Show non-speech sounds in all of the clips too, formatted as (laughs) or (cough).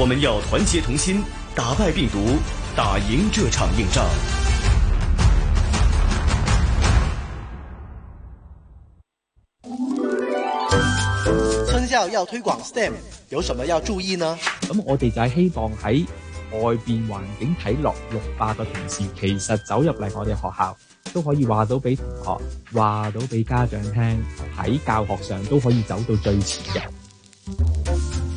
我們要團結同心，打敗病毒，打贏這場硬仗。村校要推廣 STEM，有什麼要注意呢？咁、嗯、我哋就係希望喺外邊環境睇落綠化嘅同時，其實走入嚟我哋學校，都可以話到俾同學，話到俾家長聽，喺教學上都可以走到最前嘅。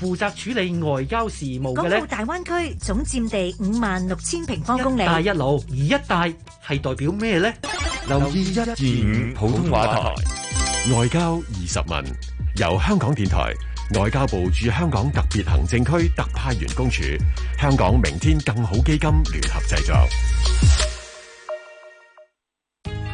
負責處理外交事務嘅咧？港澳大灣區總占地五萬六千平方公里。一帶一路，而一帶係代表咩咧？留意一二五普通話台，外交二十問，由香港電台外交部駐香港特別行政區特派員公署、香港明天更好基金聯合製作。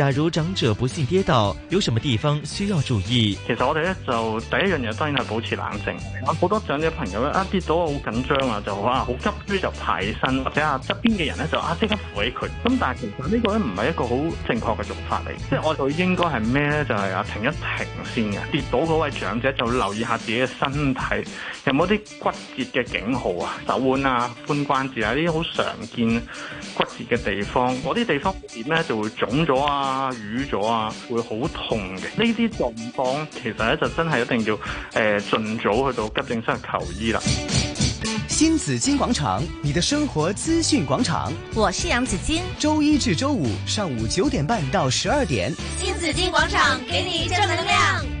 假如長者不幸跌倒，有什麼地方需要注意？其實我哋咧就第一樣嘢當然係保持冷靜。好多長者朋友咧一跌到好緊張啊就啊好急，跟住就爬起身，或者啊側邊嘅人咧就啊即刻扶起佢。咁但係其實呢個咧唔係一個好正確嘅做法嚟，即係我哋應該係咩咧就係、是、啊停一停先嘅。跌倒嗰位長者就留意下自己嘅身體有冇啲骨折嘅警號啊，手腕啊、髖關節啊呢啲好常見骨折嘅地方，嗰啲地方點咧就會腫咗啊。瘀咗啊，會好痛嘅。呢啲狀況其實咧就真係一定要誒、呃、盡早去到急症室求醫啦。新紫荊廣場，你的生活資訊廣場，我是楊子矜。周一至周五上午九點半到十二點，新紫荊廣場給你正能量。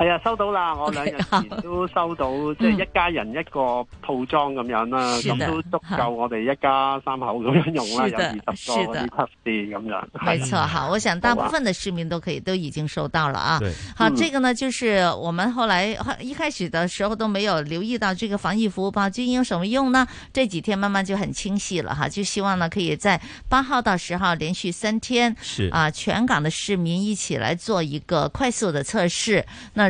係啊，收到啦！我兩日前都收到，okay, 好即係一家人一個套裝咁樣啦，咁的都足夠我哋一家三口咁樣用啦，是的有二十多支測試咁樣。冇樣錯，好，嗯、我想大部分的市民都可以，啊、都已經收到了啊。好，這個呢，就是我們後來，一開始的時候都沒有留意到這個防疫服務包，究竟有什麼用呢？這幾天慢慢就很清晰了哈、啊，就希望呢，可以在八號到十號連續三天，是啊，全港的市民一起來做一個快速的測試。那。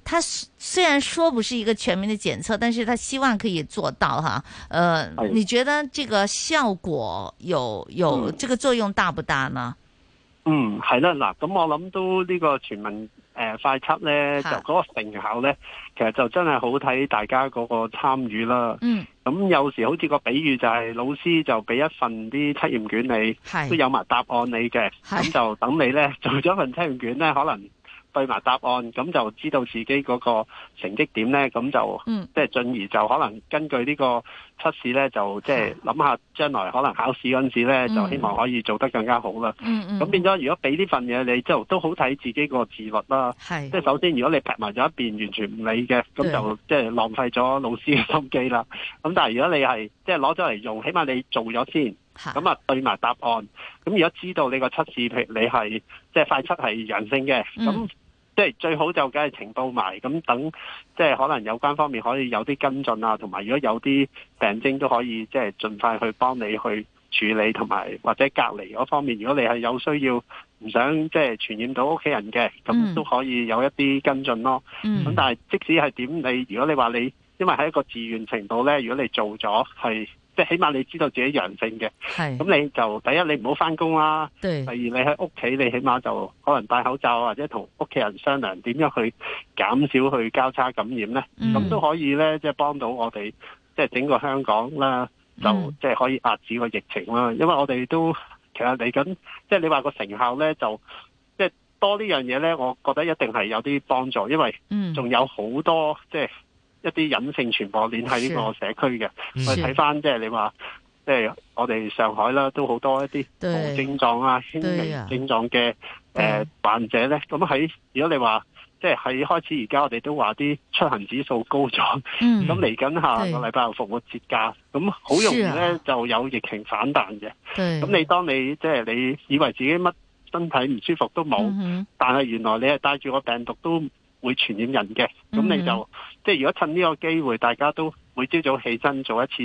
他雖然說不是一個全民嘅檢測，但是他希望可以做到哈。呃，是你覺得這個效果有有、嗯、這個作用大不大呢？嗯，係啦嗱，咁我諗都呢個全民誒、呃、快測呢，就嗰個成效呢，其實就真係好睇大家嗰個參與啦。嗯，咁有時好似個比喻就係、是、老師就俾一份啲測驗卷你，是都有埋答案你嘅，咁的就等你呢做咗份測驗卷呢，可能。對埋答案，咁就知道自己嗰個成績點呢。咁就即係、嗯、進而就可能根據呢個測試呢，就即係諗下將來可能考試嗰陣時呢、嗯、就希望可以做得更加好啦。咁、嗯嗯、變咗，如果俾呢份嘢你，就都好睇自己個自律啦。即係是首先，如果你劈埋咗一邊，完全唔理嘅，咁就即係浪費咗老師嘅心機啦。咁對但係如果你係即係攞咗嚟用，起碼你做咗先。咁啊，嗯、對埋答案。咁如果知道你個測試譬如你係即係快測係陽性嘅，咁、嗯、即係最好就梗係呈報埋。咁等即係可能有關方面可以有啲跟進啊，同埋如果有啲病徵都可以即係盡快去幫你去處理，同埋或者隔離嗰方面。如果你係有需要唔想即係傳染到屋企人嘅，咁都可以有一啲跟進咯。咁、嗯、但係即使係點你，如果你話你因為係一個自願程度呢，如果你做咗係。即係起碼你知道自己陽性嘅，咁是你就第一你唔好翻工啦，對第二你喺屋企你起碼就可能戴口罩或者同屋企人商量點樣去減少去交叉感染咧，咁、嗯、都可以咧，即、就、係、是、幫到我哋，即、就、係、是、整個香港啦，就即係可以壓止個疫情啦。嗯、因為我哋都其實嚟緊，即、就、係、是、你話個成效咧，就即係、就是、多呢樣嘢咧，我覺得一定係有啲幫助，因為仲有好多即係。嗯一啲隱性傳播鏈喺呢個社區嘅，我哋睇翻即係你話，即、就、係、是、我哋上海啦，都好多一啲無症狀啊、輕微症狀嘅誒、啊呃、患者咧。咁喺如果你話，即係喺開始而家我哋都話啲出行指數高咗，咁嚟緊下個禮拜又服務節假，咁好容易咧、啊、就有疫情反彈嘅。咁、啊、你當你即係、就是、你以為自己乜身體唔舒服都冇，嗯、但係原來你係帶住個病毒都。會傳染人嘅，咁你就即係如果趁呢個機會，大家都每朝早起身做一次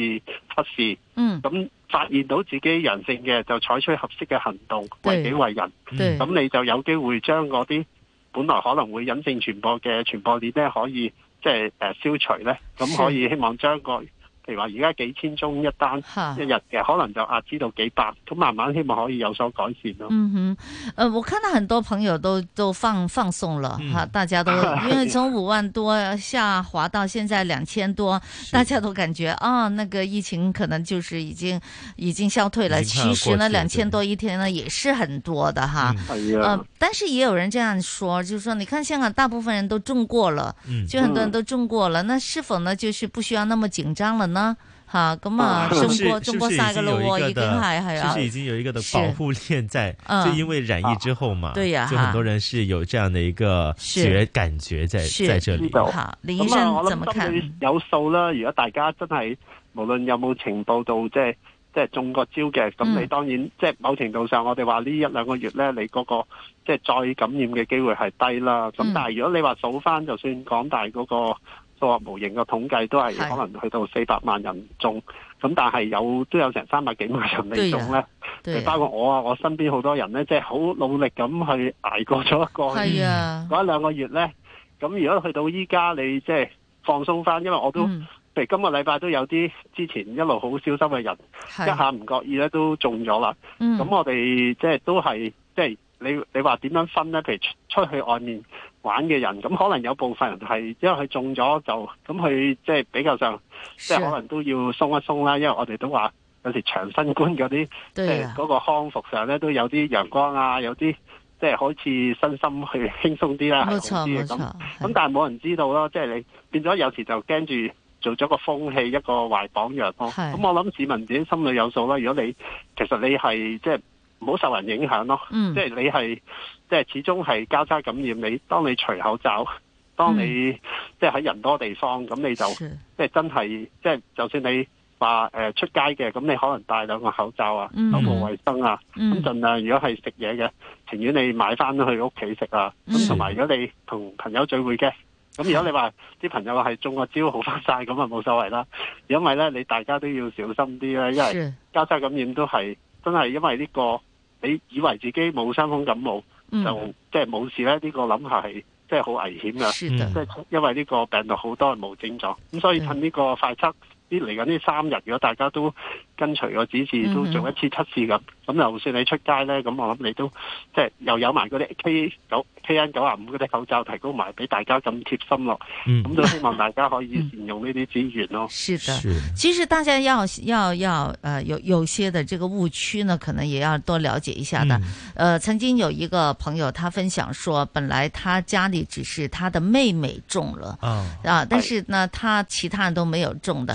測試，咁發現到自己陽性嘅，就採取合適嘅行動，對為己為人，咁對你就有機會將嗰啲本來可能會隱性傳播嘅傳播鏈咧，可以即係、就是、消除呢。咁可以希望將個。譬如話而家幾千宗一單哈一日嘅，可能就壓制到幾百，咁慢慢希望可以有所改善咯。嗯哼，誒我看到很多朋友都都放放鬆了哈，大家都因為從五萬多下滑到現在兩千多，大家都感覺啊，那個疫情可能就是已經已經消退了。其實呢兩千多一天呢也是很多的哈。呃，但是也有人這樣說，就是說你看香港大部分人都中過了，就很多人都中過了，那是否呢就是不需要那麼緊張了呢？吓咁啊，中過中過晒噶咯，已經係係啊，其實、嗯、已經有一個嘅、啊、是保護鏈在，嗯、就因為染疫之後嘛，啊、就很多人是有這樣的一個血是感覺在是在這裏。好，林醫是生怎麼看？我諗都會有數啦，如果大家真係無論有冇情報到，即係即係中過招嘅，咁你當然即係、嗯、某程度上，我哋話呢一兩個月咧，你嗰、那個即係、就是、再感染嘅機會係低啦。咁、嗯、但係如果你話數返，就算港大嗰、那個，數學模型嘅統計都係可能去到四百萬人中，咁是、啊、但係有都有成三百幾萬人未中咧。對啊、包括我對啊，我身邊好多人咧，即係好努力咁去捱過咗一個嗰是、啊、一兩個月咧。咁如果去到依家，你即係放鬆翻，因為我都、嗯、譬如今個禮拜都有啲之前一路好小心嘅人，是啊、一下唔覺意咧都中咗啦。咁、嗯、我哋即係都係即係。即係你你話點樣分咧？譬如出去外面玩嘅人，咁可能有部分人係因為佢中咗就咁，佢即係比較上即係可能都要鬆一鬆啦。因為我哋都話有時長身官嗰啲，即係嗰個康復上咧都有啲陽光啊，有啲即係好似身心去輕鬆啲啦，係錯好啲嘅咁。咁錯但係冇人知道咯，即係是你變咗有時就驚住做咗個風氣，一個壞榜樣。哦是，咁我諗市民自己心裏有數啦。如果你其實你係即係。唔好受人影響咯，嗯、即係你係即係始終係交叉感染。你當你除口罩，當你、嗯、即係喺人多地方，咁你就是即係真係即係，就算你話誒、呃、出街嘅，咁你可能戴兩個口罩啊，手部、嗯、衛生啊，咁盡、嗯、量。如果係食嘢嘅，情願你買翻去屋企食啊。咁同埋如果你同朋友聚會嘅，咁如果你話啲朋友係中個招好翻晒，咁啊冇所謂啦。因為咧，你大家都要小心啲啦，因為交叉感染都係是真係因為呢、這個。你以為自己冇傷風感冒、嗯、就即係冇事咧？呢、呢個諗下係即係好危險㗎。的即係因為呢個病毒好多人冇症狀，咁所以趁呢個快測。啲嚟緊呢三日，如果大家都跟隨我指示都做一次測試咁咁、嗯、就算你出街咧，咁我諗你都即係又有埋嗰啲 K 九五 KN 九五嗰啲口罩提供埋俾大家咁貼心咯，咁、嗯、都希望大家可以善用呢啲資源咯。是的，其實大家要要要，誒、呃、有有些嘅這個誤區呢，可能也要多了解一下的。誒、嗯呃，曾經有一個朋友，他分享說，本來他家裏只是他的妹妹中了，哦、啊，但是呢，是他其他人都沒有中的。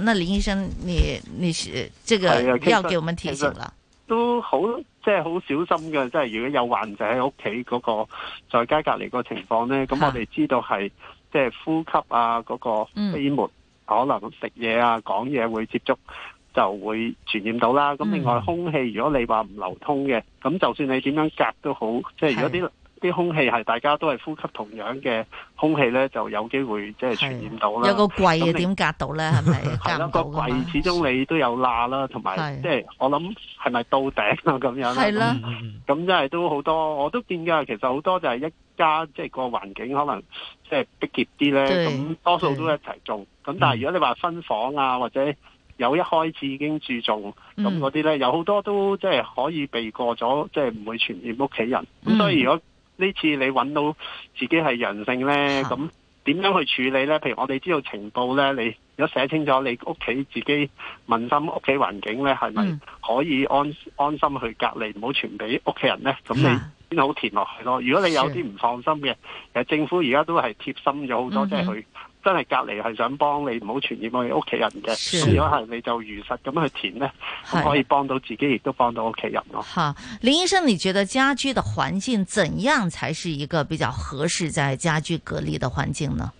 那林醫生，你你是這個要給我們提醒了是、啊、都好即係好小心嘅，即係如果有患者，喺屋企嗰個在家隔離個情況呢，咁我哋知道係、啊、即係呼吸啊嗰、嗰個飛沫，嗯、可能食嘢啊講嘢會接觸就會傳染到啦。咁、嗯、另外空氣，如果你話唔流通嘅，咁就算你點樣隔都好，即係如果啲。啲空氣係大家都係呼吸同樣嘅空氣咧，就有機會即係傳染到啦。有個櫃啊，點隔到咧？係咪隔唔到噶嘛？係咯，個櫃始終你都有罅啦，同埋即係我諗係咪到頂啊？咁樣係啦。咁即係都好多，我都見㗎。其實好多就係一家，即係個環境可能即係逼貼啲咧。咁對多數都一齊做。咁的但係如果你話分房啊，或者有一開始已經注重咁嗰啲咧，有好多都即係可以避過咗，即係唔會傳染屋企人。咁所以如果呢次你揾到自己係陽性呢，咁點樣去處理呢？譬如我哋知道情報呢，你如果寫清楚你屋企自己問心、屋企環境呢，係咪可以安安心去隔離，唔好傳俾屋企人呢？咁你先好填落去咯。如果你有啲唔放心嘅，的其實政府而家都係貼心咗好多，即係佢。真係隔離係想幫你傳，唔好傳染我哋屋企人嘅。如果係你就如實咁去填咧，啊、可以幫到自己，亦都幫到屋企人咯。吓、啊，林醫生，你覺得家居的環境怎樣才是一個比較合適在家居隔離的環境呢？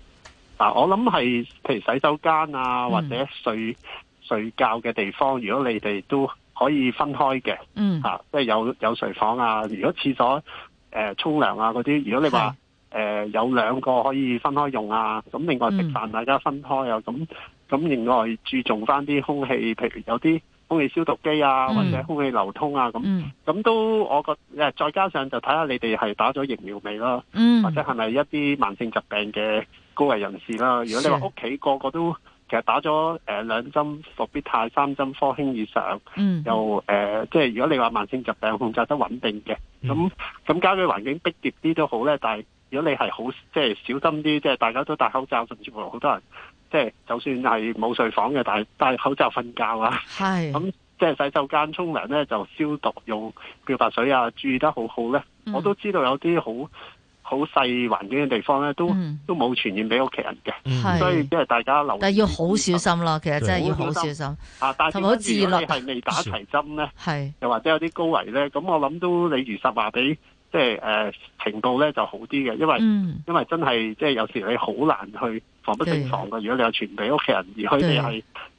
嗱、啊，我諗係，譬如洗手間啊，或者睡、嗯、睡覺嘅地方，如果你哋都可以分開嘅，吓、嗯，即係、啊、有有睡房啊。如果廁所，誒、呃，沖涼啊嗰啲，如果你話。誒、呃，有兩個可以分開用啊，咁另外食飯大家分開啊，咁咁、嗯、另外注重返啲空氣，譬如有啲空氣消毒機啊，嗯、或者空氣流通啊，咁咁、嗯、都我覺誒，再加上就睇下你哋係打咗疫苗未啦，嗯、或者係咪一啲慢性疾病嘅高危人士啦。如果你話屋企個個都其實打咗誒兩針伏必泰三針科興以上，嗯、又誒、呃、即係如果你話慢性疾病控制得穩定嘅，咁咁、嗯、家居環境逼疊啲都好咧，但係。如果你係好即係、就是、小心啲，即係大家都戴口罩，甚至乎好多人即係、就是、就算係冇睡房嘅，但係戴口罩瞓覺啊。咁是，即係洗手間沖涼咧就消毒，用漂白水啊，注意得好好咧。嗯、我都知道有啲好好細環境嘅地方咧，都、嗯、都冇傳染俾屋企人嘅。嗯、所以即係大家留是，但要好小心咯。其實真係要好小心。對啊，係你自係未打齊針咧，是又或者有啲高危咧。咁我諗都你如實話俾。即係誒程度咧就好啲嘅，因為、嗯、因為真係即係有時你好難去防不勝防嘅，對如果你有傳俾屋企人而去，而佢哋係。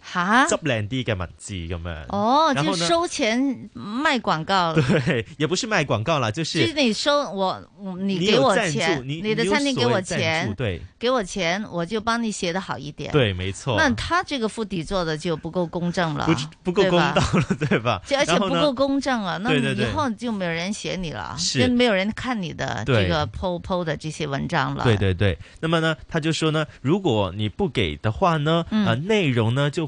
哈，執靚啲嘅文字咁樣。哦，就收錢賣廣告。對，也不是賣廣告啦，就是其實你收我，你給我錢，你的餐廳給我錢，對，給我錢我就幫你寫得好一點。對，沒錯。那他這個副底做的就不夠公正了，不夠公道了，對吧？而且不夠公正啊，那以後就沒有人寫你啦，跟沒有人看你的這個 po po 的這些文章了。對對對，那麼呢，他就說呢，如果你不給的話呢，啊，內容呢就。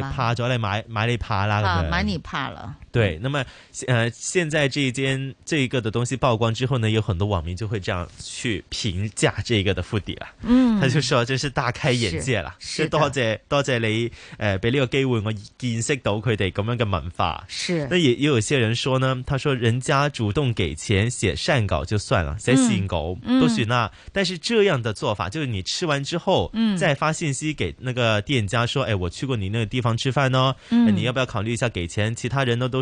怕咗你買，買你怕啦，買你怕啦。對，那麼呃，現在這一間這一個的東西曝光之後呢，有很多網民就會這樣去評價這個的腹底了。嗯，他就說：“這是大開眼界了，是。是多謝多謝你，誒、呃，俾這個機會我見識到佢哋咁樣嘅文化。”是。那也也有些人說呢，他說：“人家主動給錢寫善稿就算了，寫信稿、嗯、都算啦，嗯、但是這樣的做法就是你吃完之後，嗯，再發信息給那個店家說，誒、哎，我去過你那個地方吃飯哦，嗯、你要不要考慮一下給錢？其他人呢都。”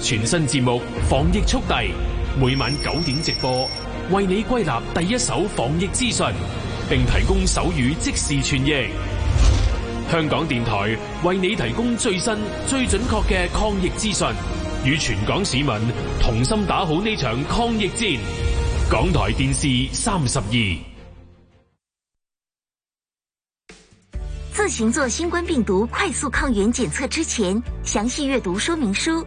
全新節目防疫速遞，每晚九點直播，為你歸納第一手防疫資訊，並提供手語即時傳譯。香港電台為你提供最新、最準確嘅抗疫資訊，與全港市民同心打好呢場抗疫戰。港台電視三十二，自行做新冠病毒快速抗原檢測之前，詳細閱讀說明書。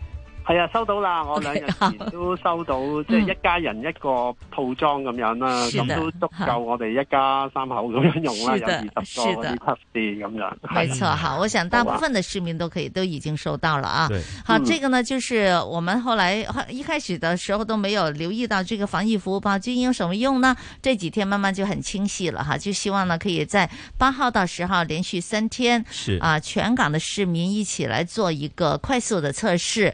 係啊，收到啦！我兩日前都收到，okay, 好即係一家人一個套裝咁樣啦，咁的都足夠我哋一家三口咁樣用啦。是的，有二十多是的，是的。咁樣，沒錯哈，嗯，我想大部分的市民都可以都已經收到了啊。對好，這個呢，就是我們後來一開始的時候都沒有留意到這個防疫服務包，究竟有什麼用呢？這幾天慢慢就很清晰了哈，就希望呢，可以在八號到十號連續三天，是啊，全港的市民一起來做一個快速的測試。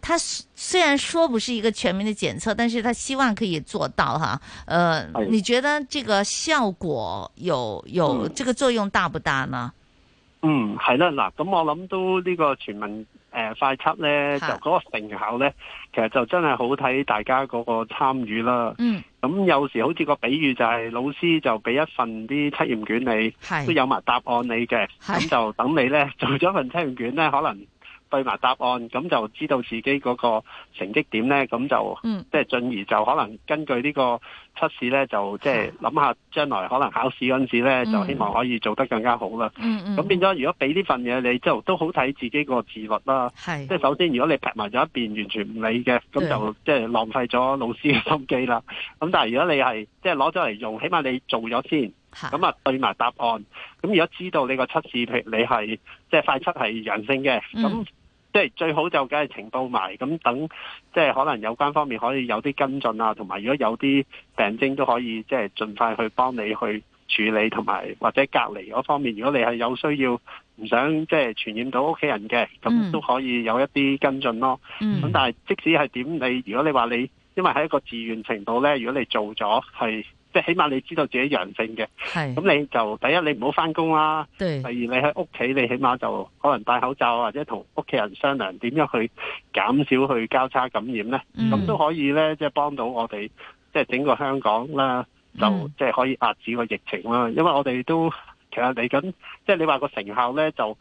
他雖然說不是一個全民的檢測，但是他希望可以做到哈。呃，是你覺得這個效果有有、嗯、這個作用大不大呢？嗯，係啦嗱，咁我諗都呢個全民誒、呃、快測呢，就嗰個成效呢，其實就真係好睇大家嗰個參與啦。嗯，咁有時好似個比喻就係、是、老師就俾一份啲測驗卷你，是都有埋答案你嘅，咁的就等你呢做咗份測驗卷呢，可能。對埋答案，咁就知道自己嗰個成績點呢。咁就即係、嗯、進而就可能根據呢個測試呢，就即係諗下將來可能考試嗰時時、嗯、就希望可以做得更加好啦。咁、嗯嗯、變咗，如果俾呢份嘢你，就都好睇自己個自律啦。是即係首先，如果你劈埋咗一邊，完全唔理嘅，咁就即係浪費咗老師嘅心機啦。咁是但係如果你係即係攞咗嚟用，起碼你做咗先，咁啊是對埋答案，咁如果知道你個測試你係即係快測係人性嘅，咁、嗯。即係最好就梗係呈報埋，咁等即係、就是、可能有關方面可以有啲跟進啊，同埋如果有啲病徵都可以即係盡快去幫你去處理，同埋或者隔離嗰方面，如果你係有需要唔想即係傳染到屋企人嘅，咁都可以有一啲跟進咯。咁、嗯、但係即使係點你，如果你話你，因為喺一個自願程度呢，如果你做咗係。即係起碼你知道自己陽性嘅，咁是你就第一你唔好翻工啦，對第二你喺屋企你起碼就可能戴口罩或者同屋企人商量點樣去減少去交叉感染咧，咁、嗯、都可以咧，即係幫到我哋即係整個香港啦，就即係可以壓止個疫情啦。嗯、因為我哋都其實嚟緊，即係你話個成效咧，就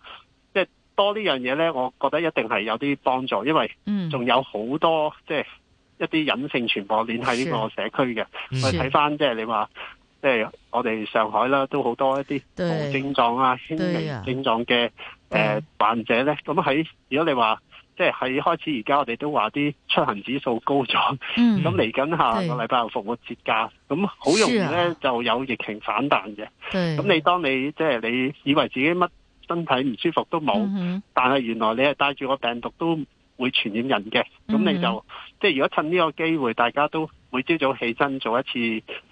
即係多呢樣嘢咧，我覺得一定係有啲幫助，因為仲有好多即係。嗯一啲隱性傳播鏈喺呢個社區嘅，是我哋睇翻即係你話，即、就、係、是、我哋上海啦，都好多一啲無症狀啊、輕微、啊、症狀嘅誒患者咧。咁喺對如果你話，即係喺開始而家我哋都話啲出行指數高咗，咁嚟緊下個禮拜又復活節假，咁好對容易咧就有疫情反彈嘅。咁對你當你即係、就是、你以為自己乜身體唔舒服都冇，嗯、哼但係原來你係帶住個病毒都。會傳染人嘅，咁你就即係如果趁呢個機會，大家都每朝早起身做一次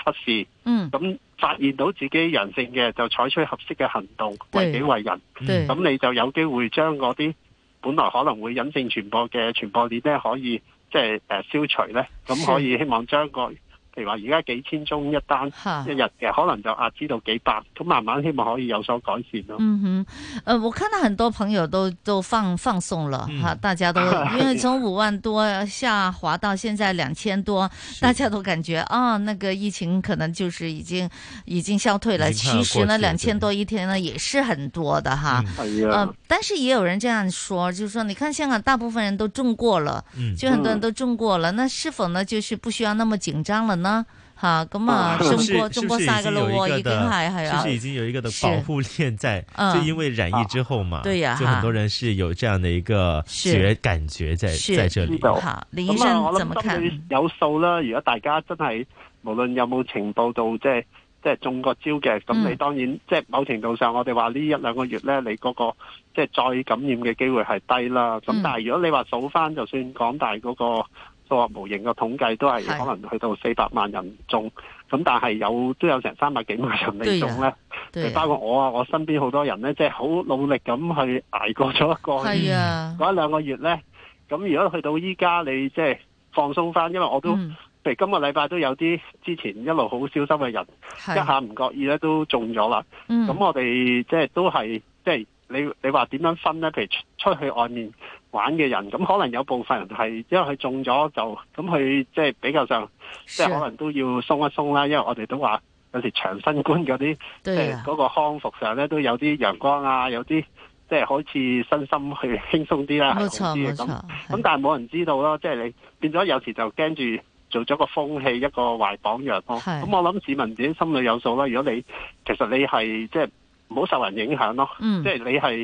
測試，嗯，咁發現到自己陽性嘅，就採取合適嘅行動，為己為人，咁你就有機會將嗰啲本來可能會隱性傳播嘅傳播鏈咧，可以即係、誒、消除咧，咁可以希望將個。譬如話而家幾千宗一單哈一日嘅，可能就壓支到幾百，咁慢慢希望可以有所改善咯。嗯哼，誒、呃，我看到很多朋友都都放放鬆了，嗯、哈，大家都因為從五萬多下滑到現在兩千多， (laughs) 是大家都感覺啊、哦，那個疫情可能就是已經已經消退了。其實呢，兩千多一天呢也是很多的，哈，誒、嗯啊呃，但是也有人這樣說，就是說，你看香港大部分人都中過了，嗯、就很多人都中過了，嗯、那是否呢，就是不需要那麼緊張了呢？啊吓咁啊，中國中波晒嘅咯喎，已經係係啊，是，是已經有一個的保護鏈在，是就因為染疫之後嘛，對啊？就很多人是有這樣的一個覺感覺在是在這裏。好，林醫生怎麼看？我諗有數啦，如果大家真係無論有冇情報到，即係即係中個招嘅，咁你當然、嗯、即係某程度上，我哋話呢一兩個月咧，你嗰、那個即係再感染嘅機會係低啦。咁、嗯、但係如果你話數翻，就算港大、那個。數學模型嘅統計都係可能去到四百萬人中，咁的但係有都有成三百幾萬人未中咧，包括我啊，我身邊好多人咧，即係好努力咁去捱過咗一個月嗰的一兩個月咧。咁如果去到依家你即係放鬆翻，因為我都、嗯、譬如今個禮拜都有啲之前一路好小心嘅人，的一下唔覺意咧都中咗啦。咁、嗯、我哋即係都係即係。就是你你話點樣分咧？譬如出去外面玩嘅人，咁可能有部分人係因為佢中咗就咁去，即係比較上，即係可能都要鬆一鬆啦。因為我哋都話有時長新冠嗰啲，即係嗰個康復上咧都有啲陽光啊，有啲即係好似身心去輕鬆啲啦，係好啲嘅。咁咁但係冇人知道咯，即係你變咗有時就驚住做咗個風氣，一個壞榜樣。咁我諗市民自己心裏有數啦。如果你其實你係即係。唔好受人影響咯，嗯、即係你係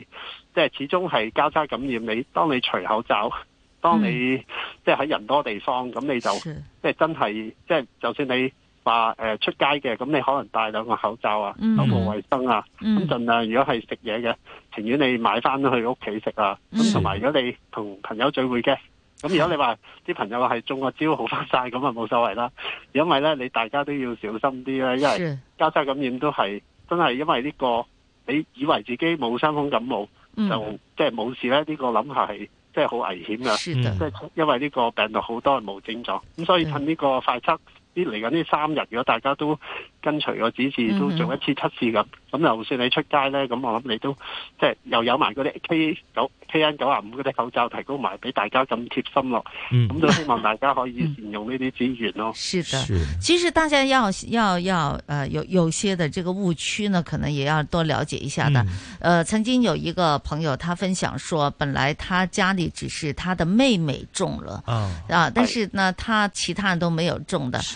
即係始終係交叉感染。你當你除口罩，當你、嗯、即係喺人多地方，咁你就是即係真係即係，就算你話、呃、出街嘅，咁你可能戴兩個口罩啊，嗯、手部衛生啊，咁盡、嗯、量。如果係食嘢嘅，情願你買翻去屋企食啊。咁同埋如果你同朋友聚會嘅，咁如果你話啲朋友係中個招好翻晒，咁啊冇所謂啦。因為咧，你大家都要小心啲啦，因為交叉感染都係是真係因為呢、呢個。你以為自己冇傷風感冒、嗯、就即係冇事呢？呢、呢個諗法係即係好危險㗎。的即係因為呢個病毒好多人冇症狀，咁、嗯、所以趁呢個快測。啲嚟緊呢三日，如果大家都跟隨個指示，都做一次測試咁，咁、嗯、就算你出街咧，咁我諗你都即係又有埋嗰啲 K 九 K N 九五嗰啲口罩提高，提供埋俾大家咁貼心咯。咁、嗯、都希望大家可以善用呢啲資源咯。是的，其實大家要要要，呃，有有些嘅這個誤區呢，可能也要多了解一下的。嗯、呃，曾經有一個朋友，他分享說，本來他家裏只是他的妹妹中了，哦、啊，但是呢，是他其他人都沒有中的。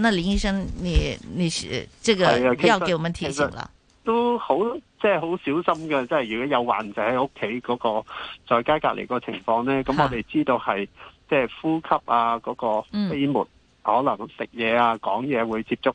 那林醫生，你你是這個要給我們提醒了，是啊、都好即係好小心嘅，即係如果有患者喺屋企嗰個在家隔離個情況呢，咁我哋知道係即係呼吸啊嗰、那個飛沫，嗯、可能食嘢啊講嘢會接觸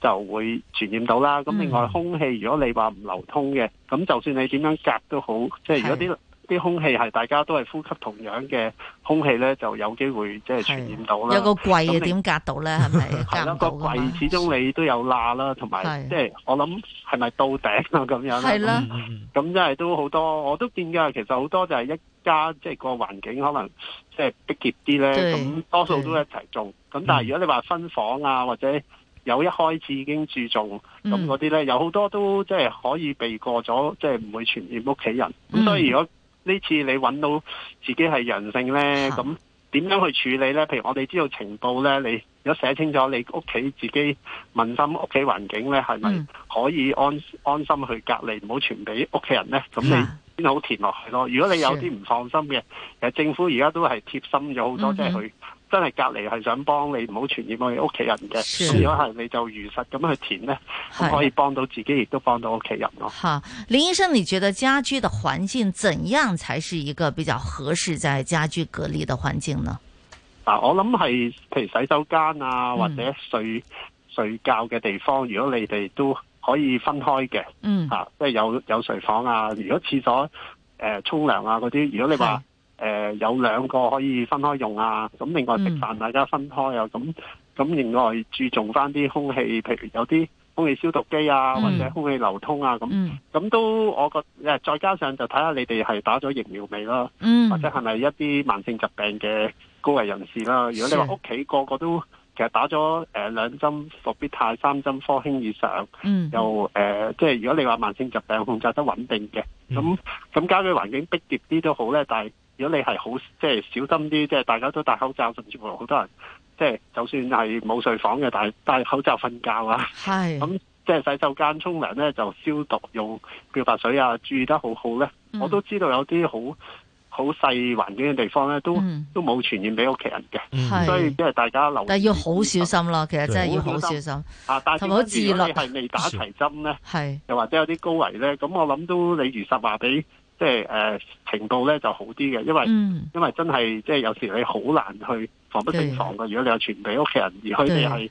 就會傳染到啦。咁、嗯、另外空氣，如果你話唔流通嘅，咁就算你點樣隔都好，即係如果啲。啲空氣係大家都係呼吸同樣嘅空氣咧，就有機會即係傳染到啦。有個櫃嘅點隔到咧，係咪？係啦，一個櫃，始終你都有罅啦，同埋即係我諗係咪到頂啊咁樣。係啦的，咁即係都好多，我都見㗎。其實好多就係一家，即係個環境可能即係逼仄啲咧。咁對多數都一齊做。咁的但係如果你話分房啊，或者有一開始已經注重咁嗰啲咧，有好多都即係可以避過咗，即係唔會傳染屋企人。咁所以如果呢次你揾到自己係陽性呢，咁點樣去處理呢？譬如我哋知道情報呢，你如果寫清楚，你屋企自己問心、屋企環境呢，係咪可以安安心去隔離，唔好傳俾屋企人呢？咁你先好填落去咯。如果你有啲唔放心嘅，的其實政府而家都係貼心咗好多，即係去。真係隔離係想幫你唔好傳染我哋屋企人嘅，如果係你就如實咁去填咧，啊、可以幫到自己，亦都幫到屋企人咯。吓、啊，林醫生，你覺得家居嘅環境怎樣才是一個比較合適在家居隔離的環境呢？嗱、啊，我諗係譬如洗手間啊，或者睡、嗯、睡覺嘅地方，如果你哋都可以分開嘅，嗯，吓、啊，即係有有睡房啊，如果廁所誒沖涼啊嗰啲，如果你話。誒、呃、有兩個可以分開用啊，咁另外食飯大家分開啊，咁咁、嗯、另外注重翻啲空氣，譬如有啲空氣消毒機啊，嗯、或者空氣流通啊，咁咁、嗯、都我覺得，再加上就睇下你哋係打咗疫苗未啦，嗯、或者係咪一啲慢性疾病嘅高危人士啦。如果你話屋企個個都其實打咗誒、呃、兩針伏必泰、三針科興以上，嗯、又誒、呃、即係如果你話慢性疾病控制得穩定嘅，咁咁、嗯、家居環境逼迫啲都好咧，但係，如果你係好即係、就是、小心啲，即係大家都戴口罩，甚至乎好多人即係、就是、就算係冇睡房嘅，戴戴口罩瞓覺啊。係咁是，即係洗手間沖涼咧就消毒，用漂白水啊，注意得好好咧。嗯、我都知道有啲好好細環境嘅地方咧，都、嗯、都冇傳染俾屋企人嘅。嗯、所以即係大家留意是，但要好小心咯。其實真係要好小心對啊。但是同埋好自係未打齊針咧，係是又或者有啲高危咧。咁我諗都你如實話俾。即係誒、呃、程度呢就好啲嘅，因為、嗯、因為真係即係有時你好難去防不勝防嘅，對 如果你話傳俾屋企人而去，而佢哋係。